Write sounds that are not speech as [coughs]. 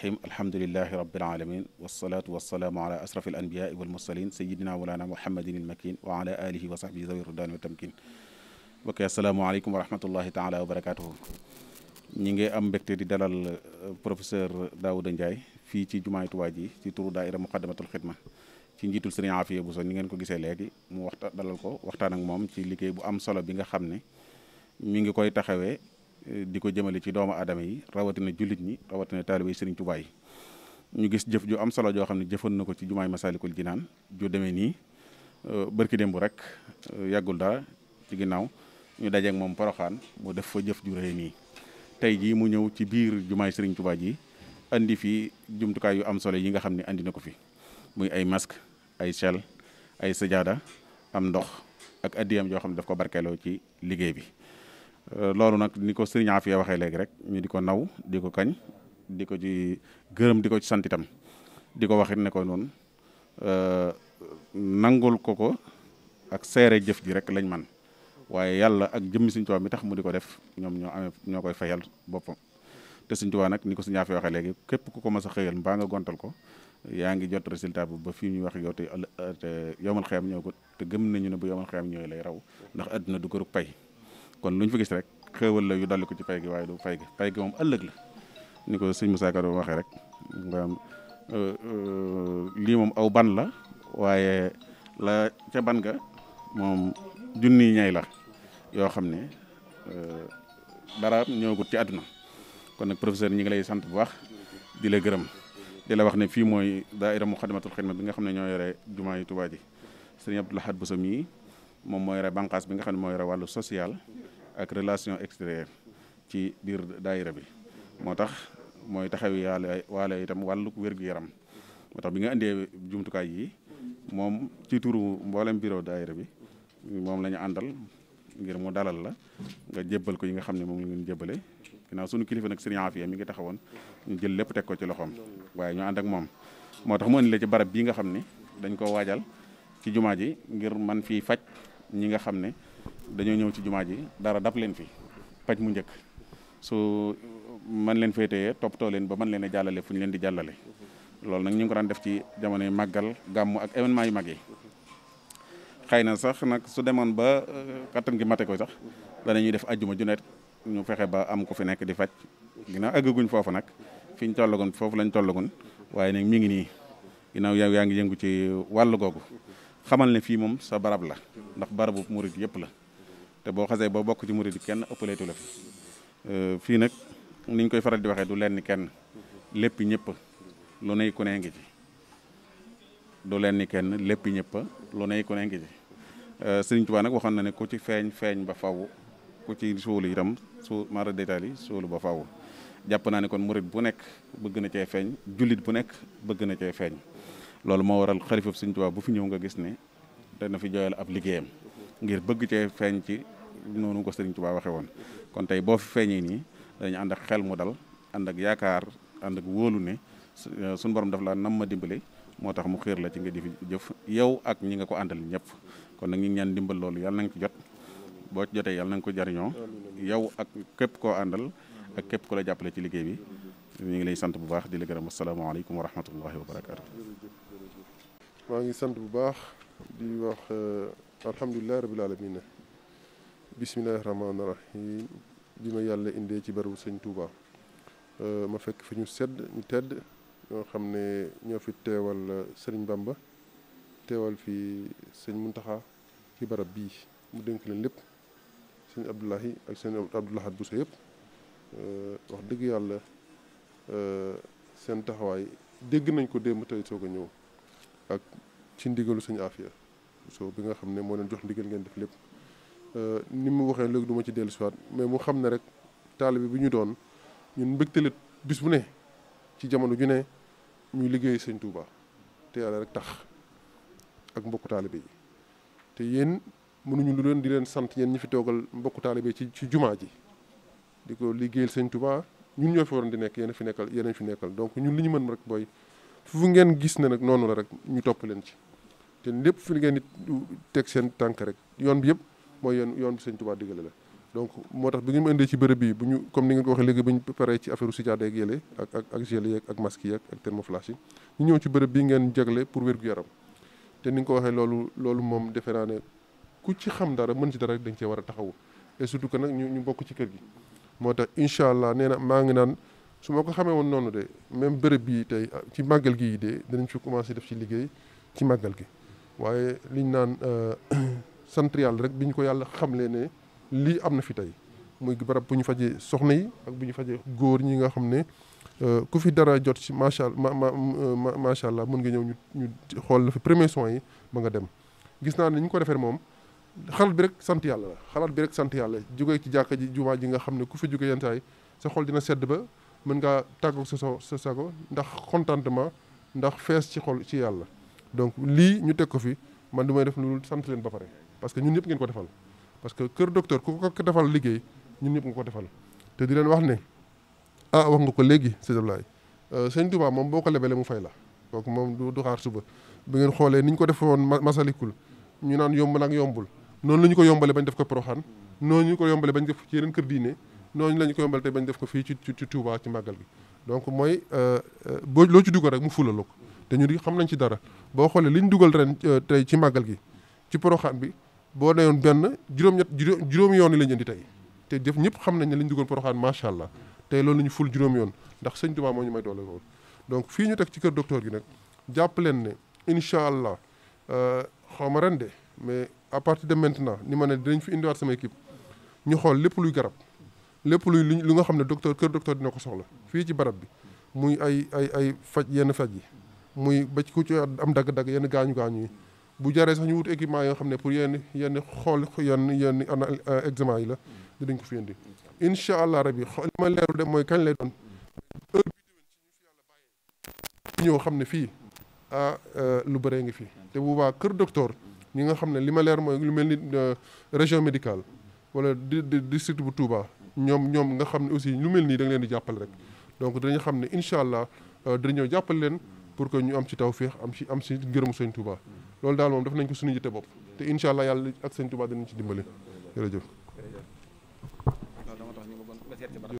rahim alhamdulilahi rabbil alamin wasalaatu wasalaamu ala asraf al anbiyaai wal mursalin sayidina walana muhammadin il makin wa ala alihi wa sahbihi zawi rudani wa tamkin bokk asalaamaaleykum wa rahmatullahi taala wa barakatuhu ñi ngi am mbégte di dalal euh, professeur Daouda Ndiaye fii ci jumaay Tuubaa ji ci turu daaira muqaddamatul xidma ci njiitul sëriñ Afiya Buso ni ngeen ko gisee léegi mu waxta dalal ko waxtaan ak moom ci liggéey bu am solo bi nga xam ne mi ngi koy taxawee di ko jëmale ci doomu aadama yi rawatina jullit ñi rawatina taaliba yi Sëriñ Tuubaa yi ñu gis jëf ju am solo joo xam ne jëfoon na ko ci jumaay Masaalikul Jinaan ju demee nii euh, bërki démb rek euh, yàggul dara ci ginnaaw ñu dajeeg moom Poroxaan mu def fa jëf nii tey jii mu ñëw ci biir jumaay Sëriñ Tuubaa ji andi fi jumtukaay yu am solo yi nga xam ne andi na ko fi muy ay masque ay sel ay sajaada am ndox ak addiyam yoo xam ne daf ko barkeeloo ci liggéey bi Euh, loolu nag ni ko siñaa Afia waxee léegi rek ñu di ko naw di ko kañ di ko ci gërëm di ko ci sant itam di ko waxit ne ko noonu euh, nangul ko ko ak seere jëf ji rek lañ man waaye yàlla ak jëmmi Sëriñ Tuubaa mi tax mu di ko def ñoom ñoo amee ñoo koy fayal boppam te Sëriñ Tuubaa nag ni ko sëriñ Afia waxee léegi képp ku ko mas a xëyal mbaa nga gontal ko yaa ngi jot résultat bu ba fi ñuy wax yow te yomal xiyam ñëw ko te gëm nañu ne bu yomal xiyam lay raw ndax àdduna du ko ruk pay kon lu ñu fa gis rek xéewal la yu dolli ko ci pay gi waaye du pay gi pay gi moom ëllëg la ni ko sëñ Moussa Ka doon waxee rek euh, euh, lii moom aw ban la waaye la ca ban ga moom junni ñay la yoo xam ne euh, dara ñëwagut ci àdduna kon nag professeur ñi ngi lay sant bu baax di la gërëm di la wax ne fii mooy daaira Muxaddamatul Xidma bi nga xam ne ñoo yore jumaa yi Tuubaa ji sëriñ Abdou Lahad Bousso mii moom moo yore bànqaas bi nga xam ne moo yore wàllu social ak relation extérieure ci biir daayira bi moo tax mooy taxawi waale waale itam wàllu wér-gu-yaram moo tax bi nga indee jumtukaay yi moom ci turu mboolem bureau daayira bi moom la àndal ngir mu dalal la nga jëbal ko yi nga xam ne moom la ngeen jébbale ginnaaw sunu kilifa nag mi ngi taxawoon ñu jël lépp teg ko ci loxoom waaye ñu ànd moom moo tax mu indi ci barab bii nga xam ne dañ ko waajal ci jumaa ji ngir man fii faj ñi nga xam ne dañoo ñëw ci jumaa ji dara dab leen fi paj mu njëkk su man leen fee topp toppatoo leen ba man leen a jàllale fu ñu leen di jàllale loolu nag ñu ngi ko daan def ci jamono yi màggal gàmmu ak événement yu mag yi xëy na sax nag su demoon ba euh, kattan gi mate ko sax dana danañuy def ajjuma ju ñu fexe ba am ko fi nekk di faj ginnaaw àggaguñ foofu nag fi ñu tollagoon foofu lañ tollagoon waaye nag mi ngi nii ginnaaw yow yaa ngi yëngu ci wàll googu xamal ne fii moom sa barab la ndax barabu murit yëpp la te boo xasee boo bokk ci murid kenn ëppaleetu la fi euh, fii nag niñ koy faral di waxee du leen kenn lépp ñëpp lu nay ku ngi ci du leen ni kenn lépp ñëpp lu nay ku ngi ci euh, Sëriñ nag waxoon na ne ku ci feeñ feeñ ba faw ku ci suulu itam su mara détail yi ba faw jàpp naa ne kon murid bu nekk bëgg na cee feeñ jullit bu nekk bëgg na cee feeñ loolu moo waral xalifab Sëriñ Tuubaa bu fi ñëw nga gis ne na fi jooyal ab liggéeyam ngir bëgg cee feeñ ci noonu ko Sëriñ Tuubaa waxe woon kon tey boo fi feeñee nii dañu ànd ak xel mu dal ànd ak yaakaar ànd ak wóolu ne suñu euh, borom daf la nam ma dimbali moo tax mu xiir la ci nga di fi jëf yow ak ñi nga ko àndal ñëpp kon nag ñu ñaan dimbal loolu yàlla na nga ko jot boo jotee yàlla na nga ko jariñoo yow ak képp koo àndal ak képp ku la jàppale ci liggéey bi ñu ngi lay sant bu baax di la gërëm asalaamaaleykum wa rahmatullahi ngi sant bu baax alhamdulilahi rabil alamina bisimilahi rahmaani rahim bi ma yàlla indee ci barabu sëñ Touba ma fekk fi ñu sedd ñu tedd ñoo xam ne ñoo fi teewal uh, sëriñ Bamba teewal fi sëñ Muntaxa ci barab bii mu dénk leen lépp sëñ Abdoulahi ak sëñ Abdoulahat bu sa yëpp wax dëgg yàlla seen taxawaay dégg nañ ko démb tey soog a ñëw ak ci ndigalu sëñ Afia so bi nga xam ne moo leen jox ndigal ngeen def lépp euh, ni mu waxee léegi duma ci dellu siwaat mais mu xam ne rek taalibe bi ñu doon ñun mbégtale bis bu ne ci jamono ju ne ñuy liggéey sëñ te yàlla rek tax ak mbokku taalibe te yéen mënuñu lu leen di leen sant yéen ñu fi toogal mbokku taalibe ci ci jumaa ji di ko liggéeyal sëñ tubaa ñun ñoo fi waroon di nekk yéen a fi nekkal yéen fi nekkal donc ñun li ñu mën rek booy fu ngeen gis ne nag noonu la rek ñu topp leen ci. te lépp fi ngeen di teg seen tànk rek yoon bi yëpp mooy yoon yoon bi sëñ Tuubaa digale donc moo tax bi ñu ma indee ci bërëb bi bu ñu comme ni ngeen ko waxee léegi bi ñu paree ci affaire u sijaada ak yële ak ak ak gel yi ak ci bërëb bi ngeen jagle pour wér yaram te ni nga ko waxee loolu loolu moom defe naa ne ku ci xam dara mën ci dara rek dañ cee war a taxawu et surtout que nag ñu ñu bokk ci kër gi moo tax incha allah nee na maa ngi naan su ma ko xamee woon noonu de même bërëb bi tey ci màggal gii de danañ ci commencé def ci liggéey ci màggal gi waaye liñ naan euh, [coughs] sant yàlla rek biñ ko yàlla xamlee ne lii am na fi tey muy barab bu ñu fajee soxna yi ak bu ñu fajee góor ñi nga xam ne euh, ku fi dara jot ci macha allah ma macha allah mën nga ñëw ñu ñu xool la fi premier soins yi ba nga dem. gis naa ne ñu ko defee moom xalaat bi rek sant yàlla la xalaat bi rek sant yàlla jógee ci jàkka ji jumaa ji nga xam ne ku fi jóge yenn sa xool dina sedd ba mën ngaa tàggoog sa sa sago ndax contentement ndax fees ci xol ci yàlla. donc lii ñu teg ko fi man du may def lu sant leen ba pare parce que ñun ñëpp ngeen ko defal parce que kër docteur ku ko defal liggéey ñun ñëpp nga ko defal te di leen wax ne ah wax nga ko léegi sëñ Ablaye euh, sëñ Touba moom boo ko lebelee mu fay la kooku moom du xaar suba bi ngeen xoolee ni ñu ko defoon masalikul ñu naan yomb nag yombul noonu la ñu ko yombale bañ def ko Poroxaan noonu ñu ko yombale bañ def ci yeneen kër diine noonu la ñu ko yombale tey bañ ko fii ci ci Touba ci màggal gi donc mooy euh, euh, boo loo ci dugg rek mu fulal ko te ñu di xam nañ ci dara boo xoolee li ñu dugal ren euh, tey ci màggal gi ci poroxaan bi boo neyoon benn juróom-ñett juróomi yoon yi lañ indi tey te jëf ñëpp xam nañ ne li ñu dugal poroxaan macha allah tey loolu la ñu ful yoon ndax sëñ Tuubaa moo ñu may doole loolu donc fii ñu teg ci kër docteur gi nag jàpp leen ne incha allah euh, xaw ma ren mais à partir de maintenant ni ma ne dinañ fi indiwaat sama équipe ñu xool lépp luy garab lépp luy li nga xam ne docteur kër docteur dina ko soxla fii ci barab bi muy ay ay ay faj yenn faj yi muy bacc ku ci am dagg-dagg yenn gaañu gaañu yi bu jaree sax ñu wut équipement yoo xam ne pour yenn yenn xool yenn yenn euh, examen yi la dinañ ko fi indi incha allah rabi li ma leeru dem mooy kañ lay doon heure bi ñëw xam ne fii ah euh, lu bëree ngi fi te bu kër docteur ñi nga xam ne li ma leer mooy lu mel ni euh, région médical wala district bu Touba ñoom ñoom nga xam ne aussi lu mel nii da leen di jàppale rek donc dinañ xam ne incha allah ñëw jàppale leen. pour que ñu am ci tawféex am ci am ci ngërëmu sëñ Touba loolu daal moom def nañ ko suñu yitte bopp te incha allah yàlla ak sëñ Touba dinañ ci dimbali jërëjëf